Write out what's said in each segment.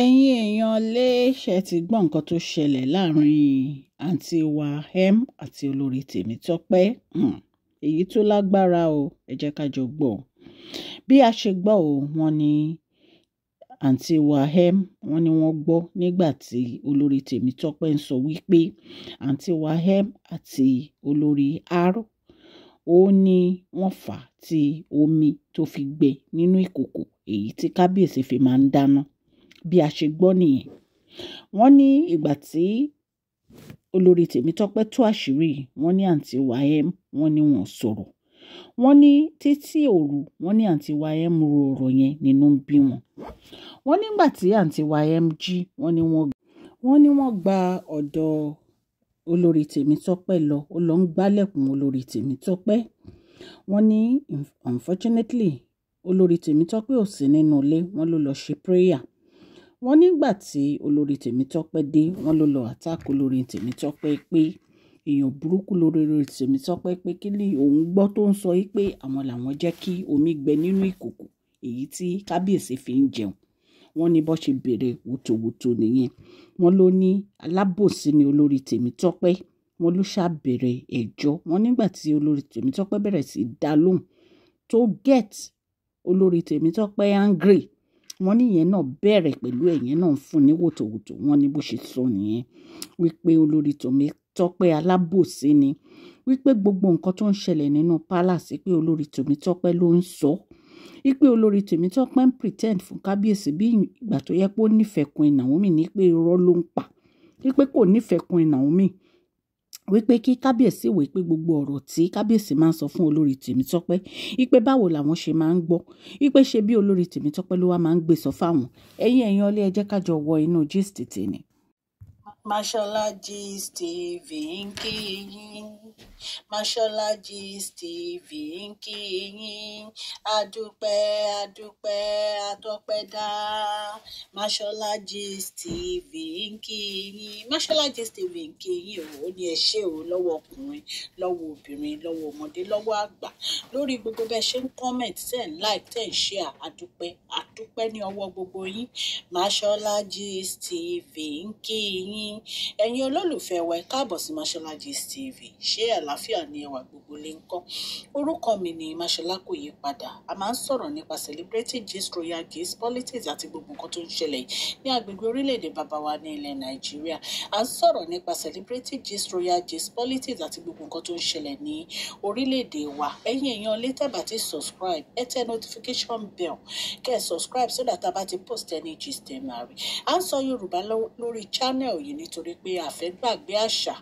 ẹ̀yin èèyàn lè ṣe ti gbọ́ nǹkan tó ṣẹlẹ̀ láàrin àǹtí wa hem àti olórí Tèmítọ́pẹ́ hmm, èyí tó lágbára o ẹ jẹ́ ká jọ gbọ́ bí a ṣe gbọ́ o wọ́n ní àǹtí wa hem wọ́n ní wọ́n gbọ́ nígbà tí olórí Tèmítọ́pẹ́ ń sọ wípé àǹtí wa hem àti olórí r ó ní wọ́n fà á tí omi tó fi gbẹ nínú ìkòkò èyí tí kábíyèsí fi máa ń dáná bí a ṣe gbọ́ nìyẹn wọ́n ní ìgbà tí olórí Tèmítọ́pẹ́ tú àṣírí wọ́n ní àǹtí Wáyẹ́m wọ́n ní wọ́n sọ̀rọ̀ wọ́n ní títí òru wọ́n ní àǹtí Wáyẹ́m ro ọ̀rọ̀ yẹn nínú ń bí wọn wọ́n nígbà tí àǹtí Wáyẹ́m jí wọ́n ní wọ́n gba ọ̀dọ̀ olórí Tèmítọ́pẹ́ lọ ó lọ ń gbálẹ̀kùn olórí Tèmítọ́pẹ́ wọ́n ní unfortunately olórí Tèmítọ́pẹ́ ò sí nínú ilé wọ́n ló lọ ṣe prayer wọ́n nígbà tí olórí tèmítọ́pẹ́ dé wọ́n ló lọ àtàkù olórí tèmítọ́pẹ́ pé èèyàn burúkú lórí olórí tèmítọ́pẹ́ pé kí ni òun gbọ́ tó ń sọ yìí pé àwọn làwọn jẹ́ kí omi gbẹ nínú ìkòkò èyí tí kábíyèsí fi ń jẹun wọ́n ní bó ṣe bèrè wòtòwòtò nìyẹn wọ́n ló ní alábòsí ni olórí tèmítọ́pẹ́ wọ́n ló ṣàbèrè ẹjọ́ wọ́n nígbà tí olórí tèmítọ́pẹ́ bẹ̀rẹ̀ sí dá lóhùn tó get olórí tèmítọ́pẹ́ angry wọ́n ní ìyẹn náà bẹ̀rẹ̀ pẹ̀lú ẹ̀yẹn náà ń fún ní wòtòwòtò wọ́n ní bó ṣe sọ nìyẹn wípé olórí tòmí tọ́pẹ́ alábòsí ni wípé gbogbo nǹkan tó ń ṣẹlẹ̀ nínú palace pé olórí tòmí tọ́pẹ́ ló ń sọ wípé olórí tòmí tọ́pẹ́ ń pretend fún kábíyèsí bí ìgbà tó yẹ pé ó nífẹ̀ẹ́ Queen Naomi ní pé irọ́ ló ń pa wípé kò nífẹ̀ẹ́ Queen Naomi wípé kí kábíyèsí wèé pé gbogbo ọ̀rọ̀ tí kábíyèsí máa ń sọ fún olórí tèmítọ́pẹ́ wípé báwo làwọn ṣe máa ń gbọ́ wípé ṣe bí olórí tèmítọ́pẹ́ ló wá máa ń gbé sọ fáwọn ẹ̀yin ẹ̀yin ọlẹ́ ẹ jẹ́ ká jọ wọ inú gist tèmi. Mashola Gist TV ń kí yín. Mashola Gist TV ń kí yín. Adúpẹ́ Adúpẹ́ Atọ́pẹ́dá. Mashola Gist TV ń kí yín. Mashola Gist TV ń kí yín o. Ó ní ẹ ṣé o lọ́wọ́ ọkùnrin, lọ́wọ́ obìnrin, lọ́wọ́ ọmọdé, lọ́wọ́ àgbà. Lórí gbogbo bẹ́ẹ̀ ṣe comment, tẹ̀ like, tẹ̀ share. Adupe, adupe, ní ọwọ́ gbogbo yín. Mashola Gist TV ń yín ẹ̀yin olólùfẹ́ wa ẹ káàbọ̀ sí Mashola Gist TV ṣé àlàáfíà ni ẹwà gbogbo lè ń kọ́ orúkọ mi ni Mashola kò padà a máa ń sọ̀rọ̀ nípa celebrity gist royal gist politics àti gbogbo nǹkan tó ń ṣẹlẹ̀ ní agbègbè orílẹ̀-èdè bàbá wa ní ilẹ̀ Nàìjíríà a ń sọ̀rọ̀ nípa celebrity gist royal gist politics àti gbogbo nǹkan tó ń ṣẹlẹ̀ ní orílẹ̀-èdè wa ẹ̀yin èèyàn lè tẹ́ ti subscribe ẹ tẹ notification bell kẹ́ ẹ subscribe so that a bá ti post any gist ẹ̀ máa rí à ń sọ Yorùbá lórí channel yìí ní nítorí pé a fẹ́ gbàgbé àṣà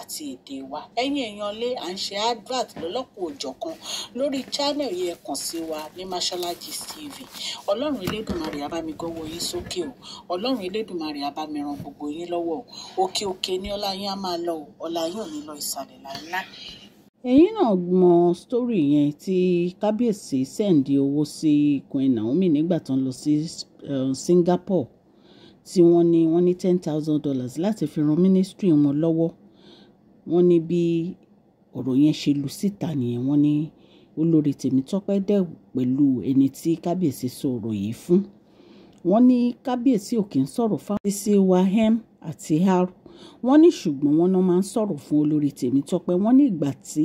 àti èdè wa ẹ̀yin èèyàn lé à ń ṣe advert lọ́lọ́pọ̀ òjọ̀kan lórí channel yẹn kàn sí wa ní Mashola TV ọlọ́run elédùnmarè á yín sókè o ọlọ́run elédùnmarè á gbogbo yín lọ́wọ́ o òkè òkè ni ọlá yín á máa lọ o ọlá yín ò ní lọ ìsàlẹ̀ láíláí ẹ̀yin náà mọ sítórì yẹn tí kábíyèsí sẹ́ǹdì owó sí Queen Naomi nígbà tó ń lọ sí eh, Singapore tí wọ́n ní wọ́n ní ten thousand dollars láti fi ran ministry wọn lọ́wọ́ wọ́n ní bí ọ̀rọ̀ yẹn ṣe lù síta nìyẹn wọ́n ní olórí Tèmítọ́pẹ́ dẹ̀ pẹ̀lú ẹni tí kábíyèsí sọ̀rọ̀ yìí fún wọ́n ní kábíyèsí òkè ń sọ̀rọ̀ fáwọn sí wa m àti r wọ́n ní ṣùgbọ́n wọ́n náà máa ń sọ̀rọ̀ fún olórí Tèmítọ́pẹ́ wọ́n ní ìgbà tí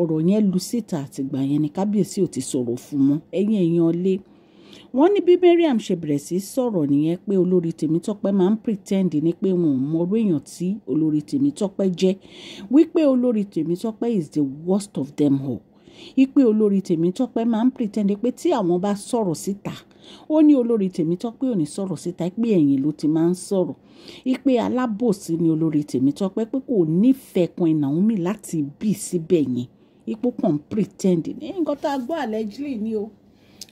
ọ̀rọ̀ yẹn lù síta àtìgbà yẹn ni kábíyèsí ò ti sọ̀rọ̀ fún wọn ẹ̀yìn ẹ̀yìn ọlẹ́ wọ́n ní bí Mariam ṣe bẹ̀rẹ̀ sí sọ̀rọ̀ nìyẹn pé olórí Tèmítọ́pẹ́ máa ń pretend ni pé wọn ò mọ orú èèyàn tí olórí Tèmítọ́pẹ́ jẹ́ wípé olórí Tèmítọ́pẹ́ is the worst of them all ipe olórí Tèmítọ́pẹ́ máa ń pretend pé tí àwọn bá sọ̀rọ̀ síta ó ní olórí Tèmítọ́pẹ́ ò ní sọ̀rọ̀ síta pé ẹ̀yìn ló ti máa ń sọ̀rọ̀ ipe alábòsí ni olórí Tèmítọ́pẹ́ pé kò nífẹ̀ẹ́ kan Naomi láti bí síbẹ̀ yẹn ipò kan pretend ní nǹkan tá a gbọ́ allegedly ni o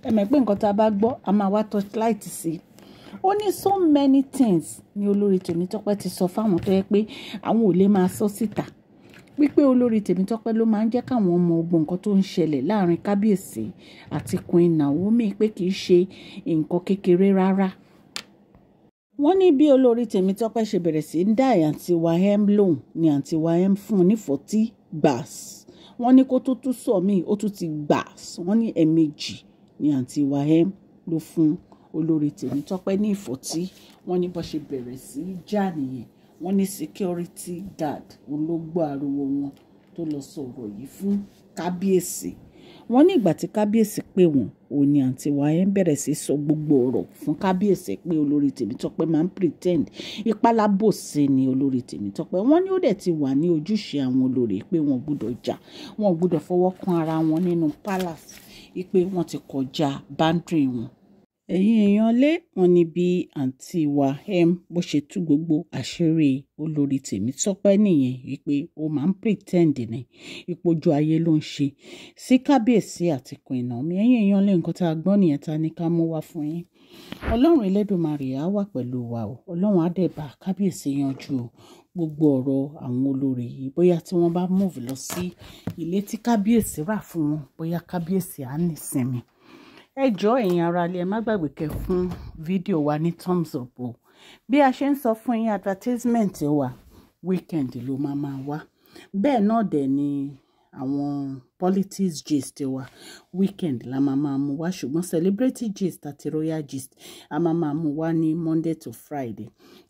ẹ mọ̀ pé nǹkan tá a bá gbọ́ a máa wá torchlight sí i ó ní so many things ni olórí Tèmítọ́pẹ́ ti sọ fáwọn tó yẹ pé àwọn ò lè máa sọ síta wípé olórí Tèmítọ́pẹ́ ló máa ń jẹ́ káwọn ọmọ ogun nǹkan tó ń ṣẹlẹ̀ láàrin kábíyèsí àti Queen Naomi pé kì í ṣe nǹkan kékeré rárá wọ́n ní bí olórí Tèmítọ́pẹ́ ṣe bẹ̀rẹ̀ sí ń dá àǹtí Wahem lóhùn ni àǹtí Wahem fún un ní forty gbàs wọ́n ní kó tó tún sọ míì ó tún ti gbàs wọ́n ní ẹ̀ẹ̀mejì e ni àǹtí wahem ló fún olórí Tèmítọ́pẹ́ ní ìfọ̀tí wọ́n ní bọ́ ṣe bẹ̀rẹ̀ sí í jà nìyẹn wọ́n ní security guard òun ló gbọ́ ariwo wọn tó lọ sọ̀rọ̀ yìí fún kábíyèsí wọ́n ní ìgbà tí kábíyèsí pè wọ́n òun ni àǹtí wáyé ń bẹ̀rẹ̀ sí sọ gbogbo ọ̀rọ̀ fún kábíyèsí pé olórí Tèmítọ́pẹ́ máa ń pretend ìpalábòsí ni olórí Tèmítọ́pẹ́ wọ́n ní ó dẹ̀ ti wà ní ojúṣe àwọn olórí pé wọ́n gbọ́dọ̀ jà wọ́n gbọ́dọ̀ fọwọ́ kan ara wọn nínú palace wípé wọ́n ti kọjá báńdìrì wọn. ẹ̀yin èèyàn lé wọn ní bí àǹtí wa m bó ṣe tú gbogbo àṣírí olórí Tèmítọ́pẹ́ nìyẹn wípé ó máa ń pretend ní ìpojú ayé ló ń ṣe sí kábíyèsí àti Queen Naomi ẹ̀yin èèyàn lé nǹkan tá a gbọ́ nìyẹn ta ni ká mú wá fún yín ọlọ́run Elédùmarè á wà pẹ̀lú wa o ọlọ́run á dẹ̀ bá kábíyèsí yanjú o gbogbo ọ̀rọ̀ àwọn olórí yìí bóyá tí wọ́n bá move lọ sí ilé tí kábíyèsí rà fún wọn bóyá kábíyèsí á nísinmi ẹ jọ̀ọ́ ẹ̀yin aráalé ẹ má gbàgbé kẹ́ fún fídíò wa ní thumbs up o bí a ṣe ń sọ fún yín advertisement wa weekend ló máa máa wá bẹ́ẹ̀ náà dẹ̀ ni àwọn politics gist wa weekend la máa máa mú wá ṣùgbọ́n celebrity gist àti royal gist a máa máa mú wá ní monday to friday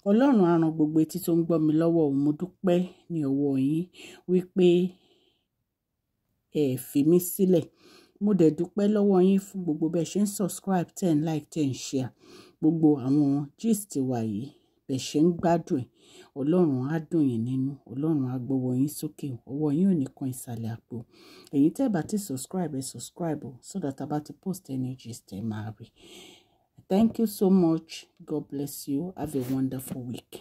ọlọ́run á ràn gbogbo etí tó ń gbọ́ mi lọ́wọ́ òun mo dúpẹ́ ní ọwọ́ yín wípé ẹ fi mí sílẹ̀ mo dẹ̀ dúpẹ́ lọ́wọ́ yín fún gbogbo bẹ́ẹ̀ ṣe ń subscribe ten like ten share gbogbo àwọn gist wa yìí bẹ̀ ṣe ń gbádùn ẹ̀ ọlọ́run á dùn yín nínú ọlọ́run á gbọ́wọ́ yín sókè ọwọ́ yín ò ní kan ìsàlẹ̀ àpò ẹ̀yin tẹ́ bá ti subscribe ẹ subscribe o so a bá ti post any gist máa rí thank you so much god bless you have a wonderful week.